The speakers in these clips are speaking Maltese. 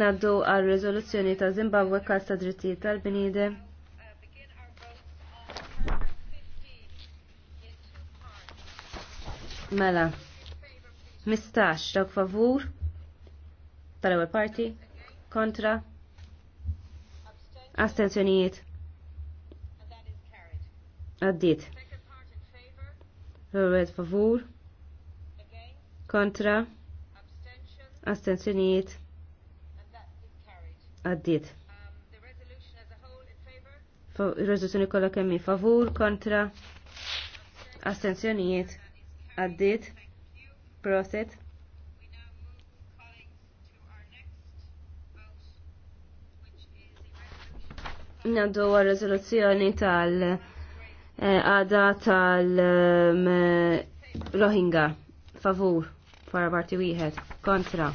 Naddu għal rezoluzzjoni ta' Zimbabwe kas ta' drittijiet tal-bnidem. Mela, mistax dawk favur tal-ewwel parti kontra astenzjonijiet Għaddit. l favur kontra astenzjonijiet Għaddiet. Rezoluzzjoni kollha kemm favur kontra astenzjonijiet għaddiet proset. Naddu għal rezoluzzjoni tal eh, għada tal eh, Rohingya favur fara parti wieħed kontra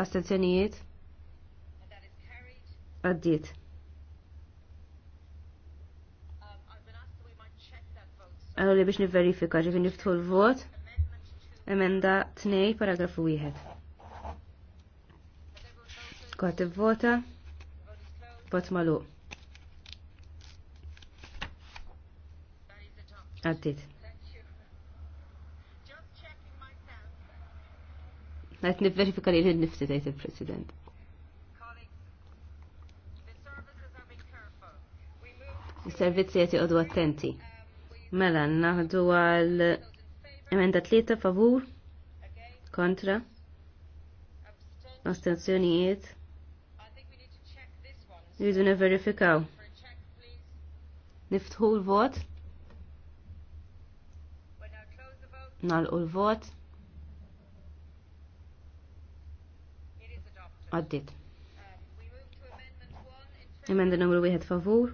astenzjonijiet għaddit. Għallu li biex niverifika ġifin niftħu l-vot, emenda 2, paragrafu 1. Kħat vota vot malu. Għaddit. Għet nifverifika li l-nifti tajt il-President. Servizzi għet jgħodu attenti. Mela, naħdu għal emenda tlieta favur, kontra, ostenzjonijiet. Rridu neverifikaw. Niftħu l-vot. Nalqu l-vot. għaddit. Emenda numru 1 favur.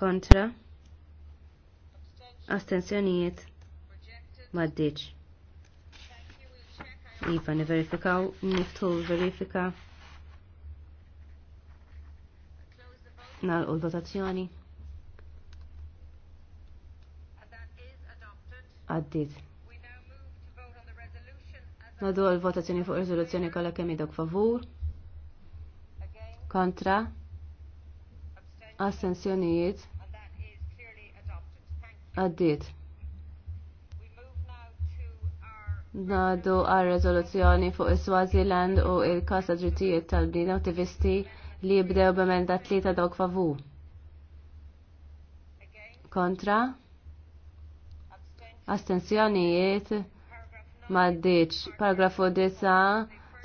Kontra. Astenzjonijiet. Maddiċ. Iva, niverifikaw, niftu verifika. Nal u votazzjoni. Għaddit. Nadu l-votazzjoni fuq riżoluzzjoni kollha kemm idok favur. Kontra. Astensjonijiet. Addit. Nadu għal rezoluzzjoni fuq is-Swaziland u il-kasa drittijiet tal-bnina attivisti li jibdew b'emenda tlieta dok favur. Kontra. Astensjonijiet maddiċ. Paragrafu 9,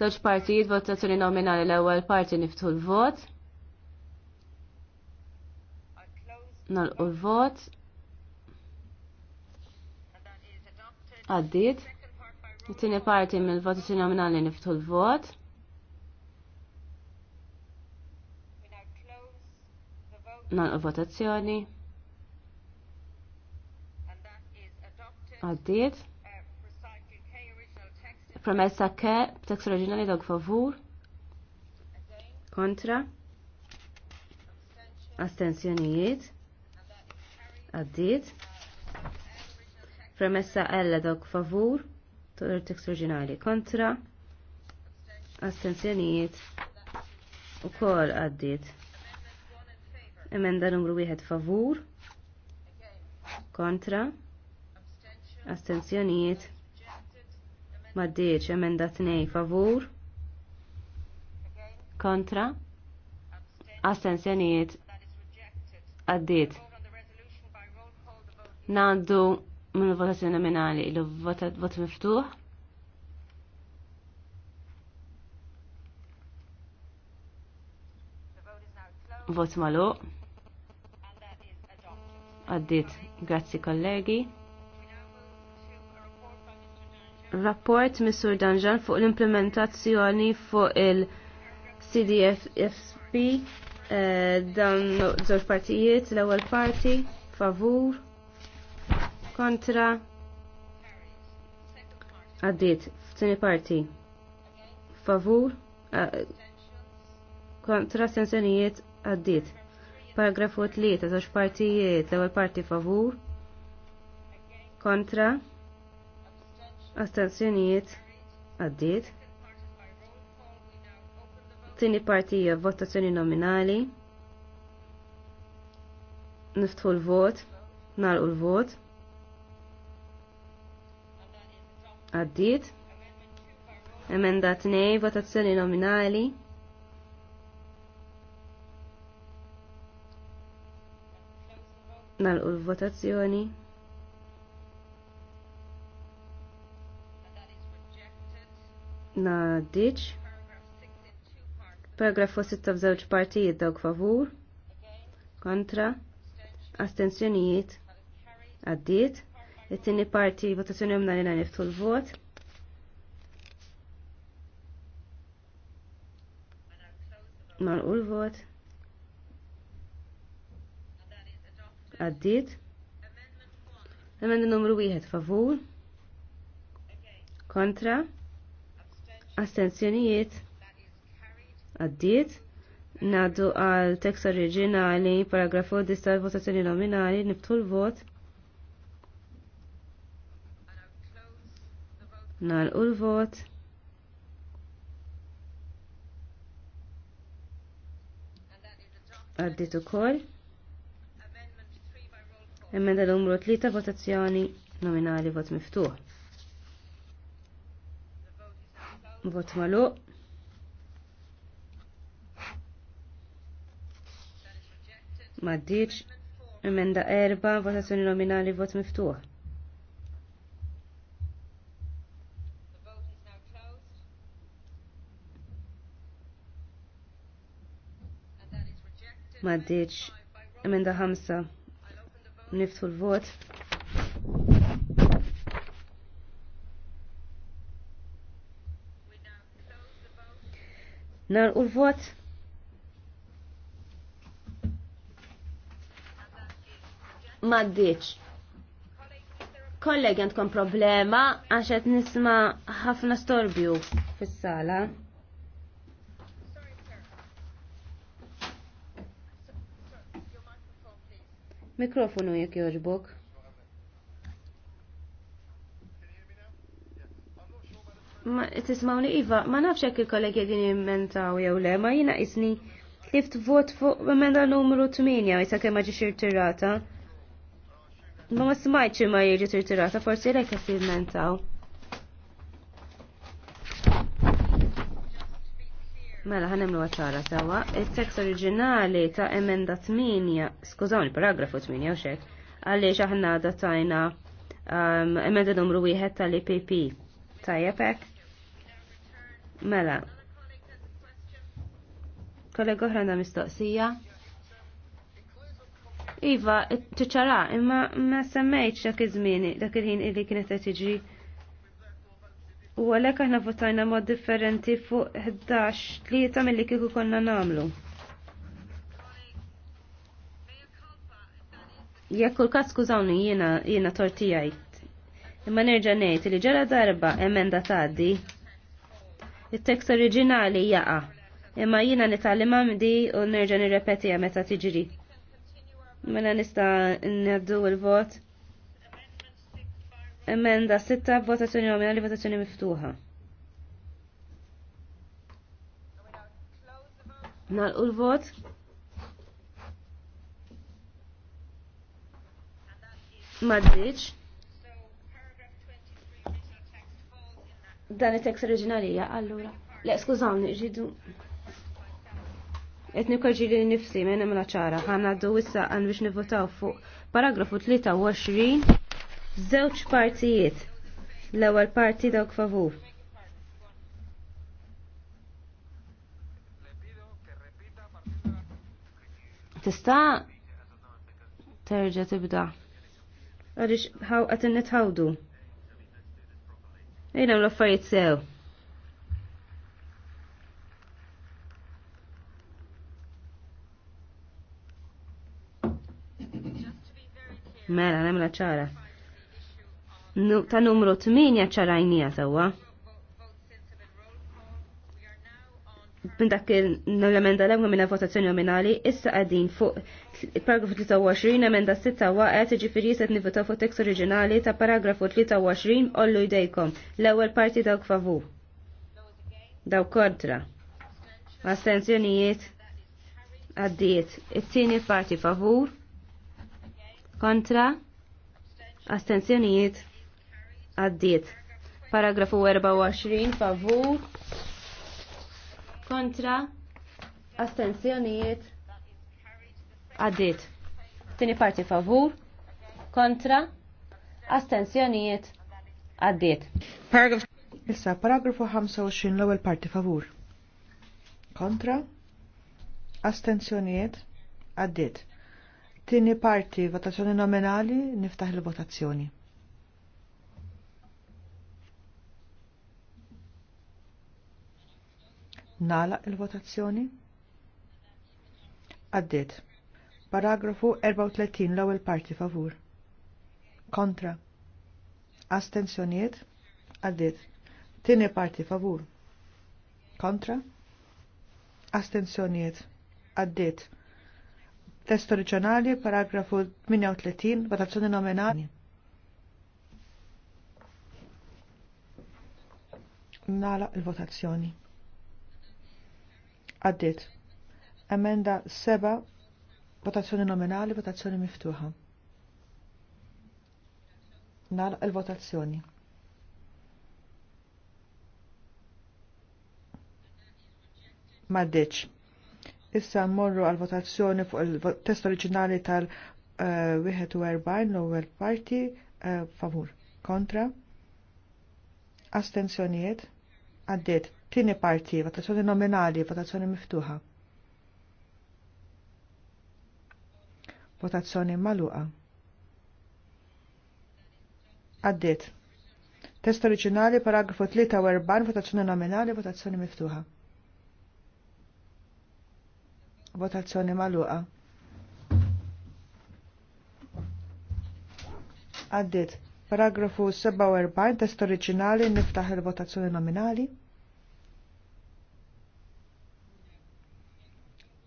żewġ partijiet votazzjoni nominali l-ewwel parti niftu l-vot. Nalqu l-vot. Għaddit. Tini parti mill-votazzjoni nominali niftu l-vot. l votazzjoni. Għaddit. Promessa ke, text oriġinali dawk favur. Kontra. Astenzjonijiet. Għaddiet. Premessa L favor. favur. Text oriġinali kontra. Astenzjonijiet. U kol għaddiet. Emenda numru 1 favur. Kontra. Astenzjonijiet maddiċ emenda 2 favur kontra astensjonijiet Addit. nandu minn votazzjoni nominali il vot miftuħ vot malu Addit. grazzi kollegi rapport Missur Danjan fuq l-implementazzjoni fuq il-CDFSP eh, dan żewġ partijiet, l-ewwel parti favur kontra għaddiet f'tieni parti favur eh, kontra sensenijiet għaddiet. Paragrafu 3, żewġ partijiet, l-ewwel parti favur kontra Astenzjonijiet għaddiet. Tini partija votazzjoni nominali. Niftħu l-vot, nalqu l-vot. Għaddiet. Emenda 2, votazzjoni nominali. Nalqu l-votazzjoni. maddiċ. Paragrafu 6 f'żewġ partijiet dawk favur, kontra, astensjonijiet, għaddiet. It-tieni parti votazzjoni nominali niftu l-vot. Marqu l-vot. Għaddiet. Emendi numru wieħed favur. Kontra astenzjonijiet għaddiet Naddu għal tekst oriġinali, paragrafu dista votazzjoni nominali, nibtu l-vot. Nalqu l-vot. Għaddit ukoll. Emenda l-umru 3 votazzjoni nominali vot miftuħ. Vot malu. Maddiċ. Emenda erba, votazzjoni nominali, vot miftuħ. Maddiċ. Emenda ħamsa. Niftu l-vot. Nar u l-vot. Maddiċ. Kollegi għandkom problema għaxet nisma ħafna storbju fis-sala. Mikrofonu jekk joġbok. tismawni Iva, ma nafx hekk il-kollegi din immentaw jew le, ma jina isni lift vot fuq emenda numru 8 jisa kemm ma ġiex irtirata. Ma ma smajtx ma jiġi irtirata, forsi jrek qed immentaw. Mela ħanem l-waċara sewa, il-tekst oriġinali ta' emenda 8, skużaw il paragrafu 8 u xek, għaliex aħna datajna um, emenda numru 1 tal-IPP. Tajjeb hekk. Mela. Kollega oħra na mistoqsija. Iva, tiċara, imma ma semmejt dak iż-żmien, dak il-ħin illi kienet qed tiġi U għalhekk aħna votajna mod differenti fuq 11 tlieta mill-li kieku konna nagħmlu. Jekk kulkat skużawni jiena jiena tortijajt. Imma nerġa' ngħid li ġara darba emenda tgħaddi Il-tekst oriġinali jaqa. Imma jina nitalima mdi u nerġa nirrepeti meta tiġri. Mela nista n-naddu il-vot. Emenda sitta votazzjoni nominali votazzjoni miftuħa. Nalqu l-vot. Maddiċ. dan it-tekst oriġinalija, allura. Le, skużawni, ġidu. Etni korġi li nifsi, menna mela ċara, ħanna għaddu wissa għan biex nivotaw fuq paragrafu 23, zewċ partijiet, l-ewel parti dawk favur. Tista' terġa' tibda. Għaliex ħaw qed nitħawdu. Ejna l-affarijiet sew. Mela, nemla ċara. Ta' numru 8 ċara jnija sewa. minn dak l-emenda l-emma minna votazzjoni nominali, issa għaddin fuq paragrafu 23, emenda 6 waqet, ġifiri set nivota fuq tekst oriġinali ta' paragrafu 23, ollu jdejkom, l-ewel parti dawk favu? Daw kontra. Astenzjonijiet għaddiet. It-tieni parti favur. Kontra. Astenzjonijiet għaddiet. Paragrafu 24 favur kontra astensjonijiet għaddit. Tini parti favur kontra astensjonijiet għaddit. Issa paragrafu 25 l-ewwel parti favur. Kontra astenzjonijiet, għaddit. Tini parti votazzjoni nominali niftaħ il-votazzjoni. Nala il-votazzjoni? Għaddit. Paragrafu 34 l-ewwel parti favur. Kontra. Astenzjonijiet? Għaddit. Tieni parti favur. Kontra. Astenzjonijiet? Għaddit. Test oriġinali, paragrafu 38, votazzjoni nominali. Nala il-votazzjoni. Għaddit. Emenda seba, votazzjoni nominali, votazzjoni miftuħa. Nal il-votazzjoni. Maddeċ. Issa mmorru għal votazzjoni fuq il-test oriġinali tal-41 eh, l-ewwel parti eh, favur. Kontra. Astenzjonijiet. Għaddit. Tini parti, votazzjoni nominali, votazzjoni miftuħa. Votazzjoni maluqa. Għaddit. Test oriġinali, paragrafu 43, votazzjoni nominali, votazzjoni miftuħa. Votazzjoni maluqa. Għaddit. Paragrafu 47, test oriġinali, niftaħ il-votazzjoni nominali.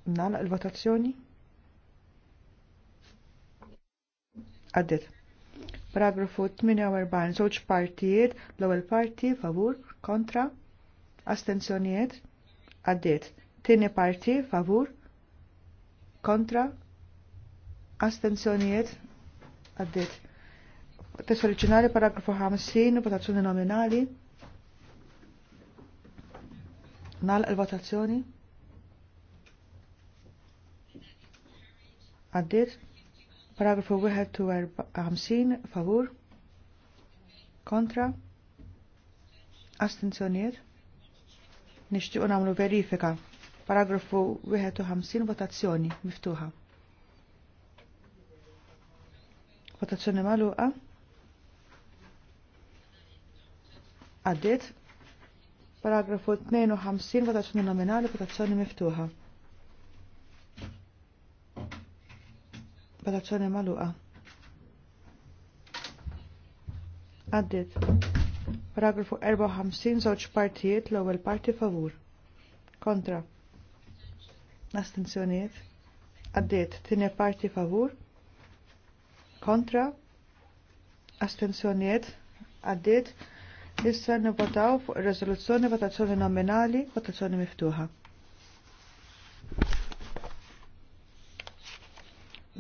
Nagħlaq il-votazzjoni? Għaddit. Paragrafu 48, żewġ partijiet, l-ewwel parti favur, kontra, astenzjonijiet, għaddit. Tieni parti favur, kontra, astenzjonijiet, għaddit. Test oriġinali paragrafu 50, votazzjoni nominali. Nal il-votazzjoni. għaddit. Paragrafu 51 favur kontra astenzjoniet. Nixtiequ nagħmlu verifika. Paragrafu 51 votazzjoni miftuħa. Votazzjoni magħluqa. Għaddit. Paragrafu 52 votazzjoni nominali, votazzjoni miftuħa. Votazzjoni maluqa. Għaddit. Paragrafu 54, żewġ partijiet, l-ewwel parti favur. Kontra. Astenzjonijiet. Għaddit. Tieni parti favur. Kontra. Astenzjonijiet. Għaddit. Issa nivvotaw fuq il riżoluzzjoni votazzjoni nominali, votazzjoni miftuħa.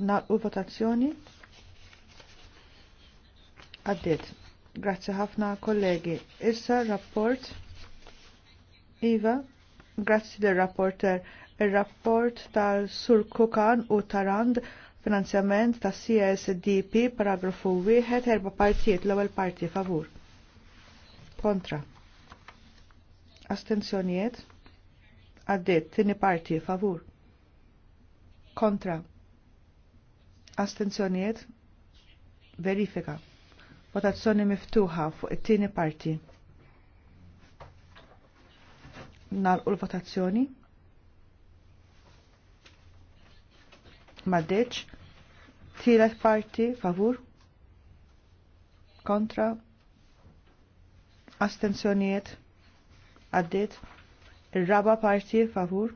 nalqu votazzjoni. Għaddit. Grazzi ħafna kollegi. Issa rapport. Iva, grazzi del rapporter. Il-rapport tal-Sur Kukan u Tarand finanzjament ta' CSDP paragrafu 1 erba partijiet l-ewwel parti favur. Kontra. Astenzjonijiet. Għaddit, tini parti favur. Kontra. Astenzjonijiet? Verifika. Votazzjoni miftuħa fuq it-tieni parti. Nalqu l-votazzjoni. Maddeċ. Tielet parti favur. Kontra. Astenzjonijiet. Għaddit. Ir-raba parti favur.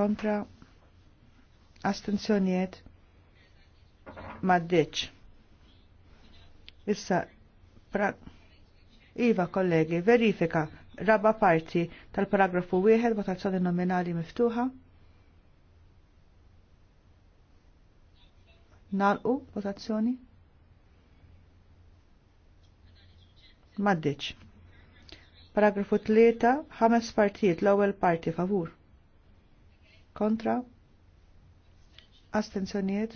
Kontra astenzjoniet maddeċ. Issa, pra... Iva, kollegi, verifika raba parti tal-paragrafu wieħed votazzjoni nominali miftuħa. Nalqu votazzjoni. Maddiċ. Paragrafu 3, ħames partijiet l-ewwel parti favur. Kontra astenzjonijiet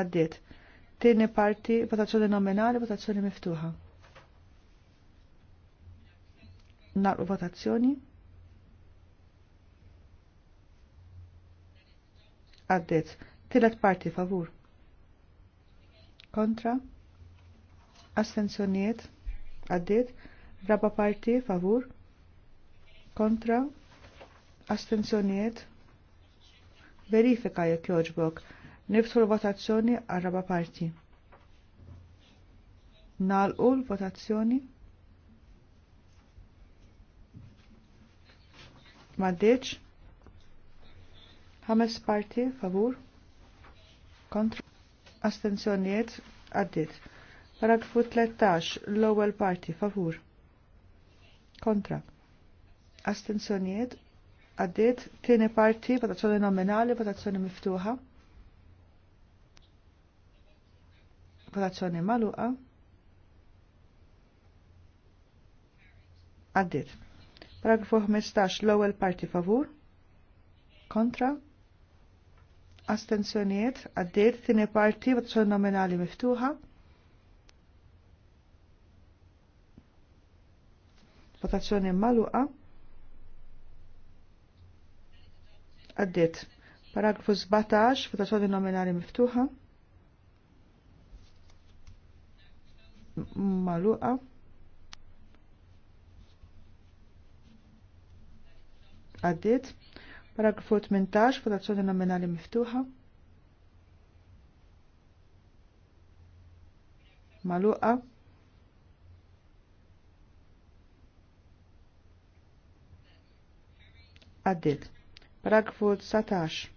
għaddiet. Tieni parti votazzjoni nominali, votazzjoni miftuħa. Naqru votazzjoni. Għaddiet. Tielet parti favur. Kontra. Astenzjonijiet għaddiet. Raba parti favur. Kontra. Astenzjonijiet verifika jekk joġbok. Nifsu l-votazzjoni għarraba parti. Nalqu l-votazzjoni. Maddeċ. Ħames parti, favur. Kontra. Astenzjonijiet, għaddit. Paragrafu 13, l-ewwel parti, favur. Kontra. Astenzjonijiet, għaddit, tieni parti, votazzjoni nominali, votazzjoni miftuħa. Votazzjoni maluqa. Għaddit. Paragrafu 15, l-ewwel parti favur. Kontra. Astenzjoniet, għaddit, tieni parti, votazzjoni nominali miftuħa. Votazzjoni maluqa. Għaddit. Paragrafu 17, votazzjoni nominali miftuħa. Maluqa. Għaddit. Paragrafu 18, votazzjoni nominali miftuħa. Maluqa. Għaddit. Paragrafu 19.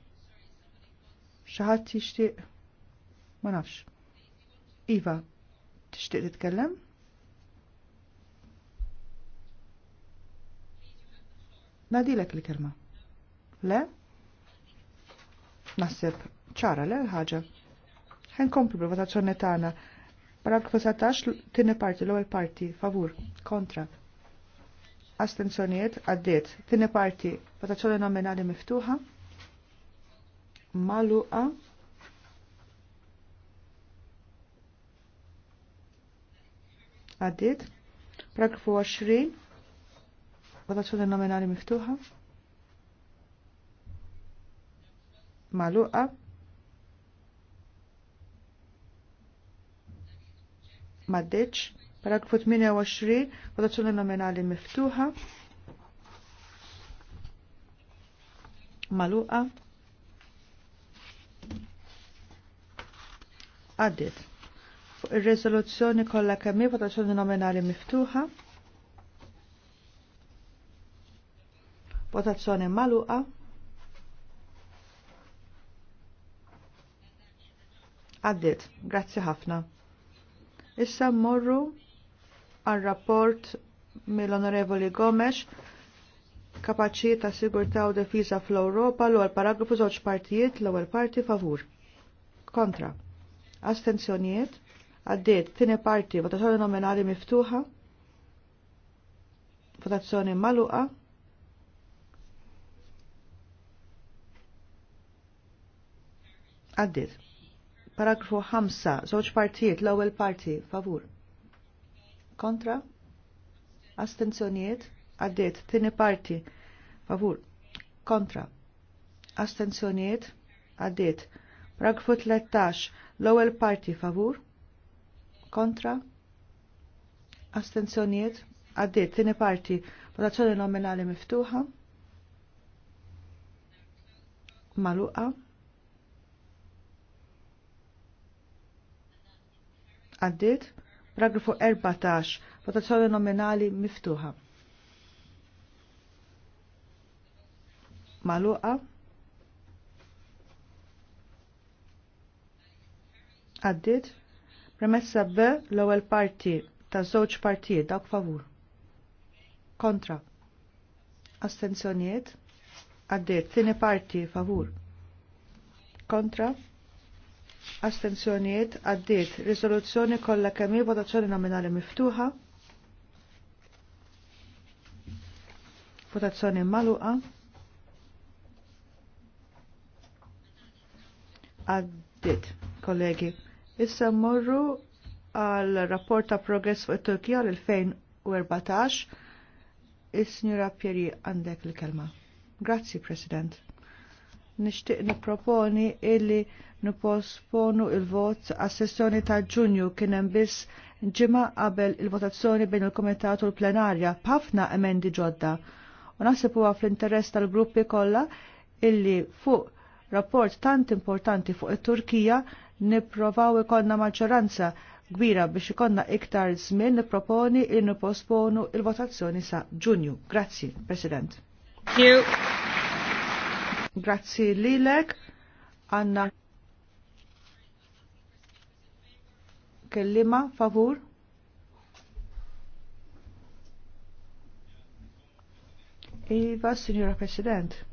Xaħat jixtieq? Ma nafx. Iva, tixtieq titkellem? Nadilek li kelma Le? Nasib, ċara le l-ħagġa. Ħen kompli bil-votazzjoni tagħna. Paragrafu 17 tieni parti l-ewwel parti favur kontra astenzjoniet għaddiet. Tini parti, votazzjoni nominali miftuħa, maluqa, għaddiet. Paragrafu 20, votazzjoni nominali miftuħa, maluqa, maddeċ. Paragrafu 28, votazzjoni nominali miftuħa. Maluqa. Għaddit. Fuq ir-riżoluzzjoni kollha kemm votazzjoni nominali miftuħa. Votazzjoni maluqa. Għaddit. Grazzi ħafna. Issa morru għal rapport mill-Onorevoli Gomes kapaċi ta' sigurta u defiża fl-Ewropa l għal paragrafu żewġ partijiet l-ewwel parti favur. Kontra. Astenzjonijiet għaddiet tini parti votazzjoni nominali miftuħa, votazzjoni maluqa, għaddiet. Paragrafu 5, żewġ partijiet, l-ewwel parti, favur kontra, Astenzjoniet? għaddiet, tini parti, favur, kontra, Astenzjoniet? għaddiet, paragrafu 13, l-ewwel parti, favur, kontra, Astenzjoniet? għaddiet, tini parti, votazzjoni nominali miftuħa, maluqa, għaddiet, Paragrafu 14. Votazzjoni nominali miftuħa. Maluqa. Għaddit. Premessa B l-ewwel parti ta' żewġ partijiet dawk favur. Kontra. Astenzjonijiet. Għaddit. Tini parti favur. Kontra astenzjonijiet għaddiet. Rizoluzzjoni kollha kemm votazzjoni nominali miftuħa. Votazzjoni maluqa. Għaddiet, kollegi. Issa morru għal rapport ta' progress fuq it-Turkija l-2014. Is-Sinjura Pieri għandek l-kelma. Grazzi, President. Nixtieq nipproponi illi Nipposponu il-vot għas sessjoni ta' ġunju kien hemm biss ġimgħa qabel il-votazzjoni bejn il-Kumitat u l-Plenarja b'ħafna emendi ġodda. U naħseb huwa fl-interess tal-gruppi kollha illi fuq rapport tant importanti fuq it-Turkija nipprovaw ikonna maġġoranza kbira biex ikonna iktar żmien nipproponi li nipposponu il-votazzjoni sa Ġunju. Grazzi, President. Grazzi lilek, Anna. Kellima favur. Iva, Signora President.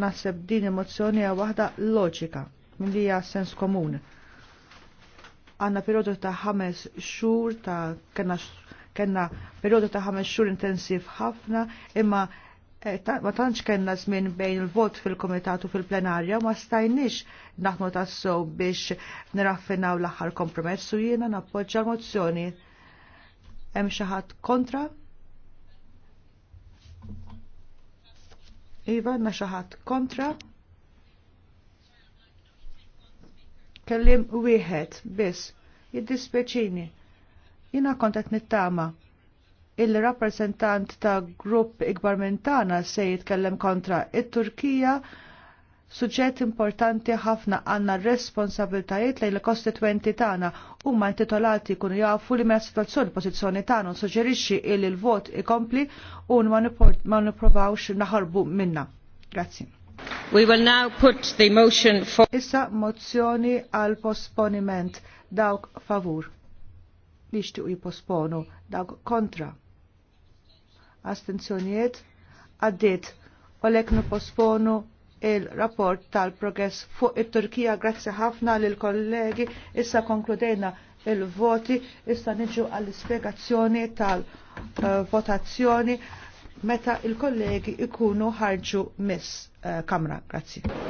Nasseb din emozzjoni hija waħda loġika minn li hija sens komun. Għanna periodu ta' ħames xhur ta' kena, kena periodu ta' ħames xhur intensiv ħafna imma Eh, ma tantx kellna żmien bejn il-vot fil kumitatu fil-plenarja ma stajniex naħmu tassu biex niraffinaw l-aħħar kompromess u jiena nappoġġa l-mozzjoni. Hemm xi ħadd kontra? Iva, na xi ħadd kontra? Kellim wieħed biss, jiddispjaċini. Jiena kont qed nittama' il-rappresentant ta' grupp ikbar mentana se jitkellem kontra it-Turkija suġġett importanti ħafna għanna responsabiltajiet lejn il-kostituenti tagħna huma intitolati jkunu jafu li mela situazzjoni pożizzjoni tagħna suġġerixxi il il-vot ikompli u ma nipprovawx naħarbu minna. Grazzi. We will now put the motion for Issa mozzjoni għal posponiment dawk favur li xtiq jiposponu dak kontra. Astenzjonijiet għaddit u lek niposponu il-rapport tal-progress fuq it-Turkija. Grazzi ħafna lil kollegi issa konkludejna il-voti, issa niġu għall-ispiegazzjoni tal-votazzjoni meta il-kollegi ikunu ħarġu miss eh, kamra. Grazzi.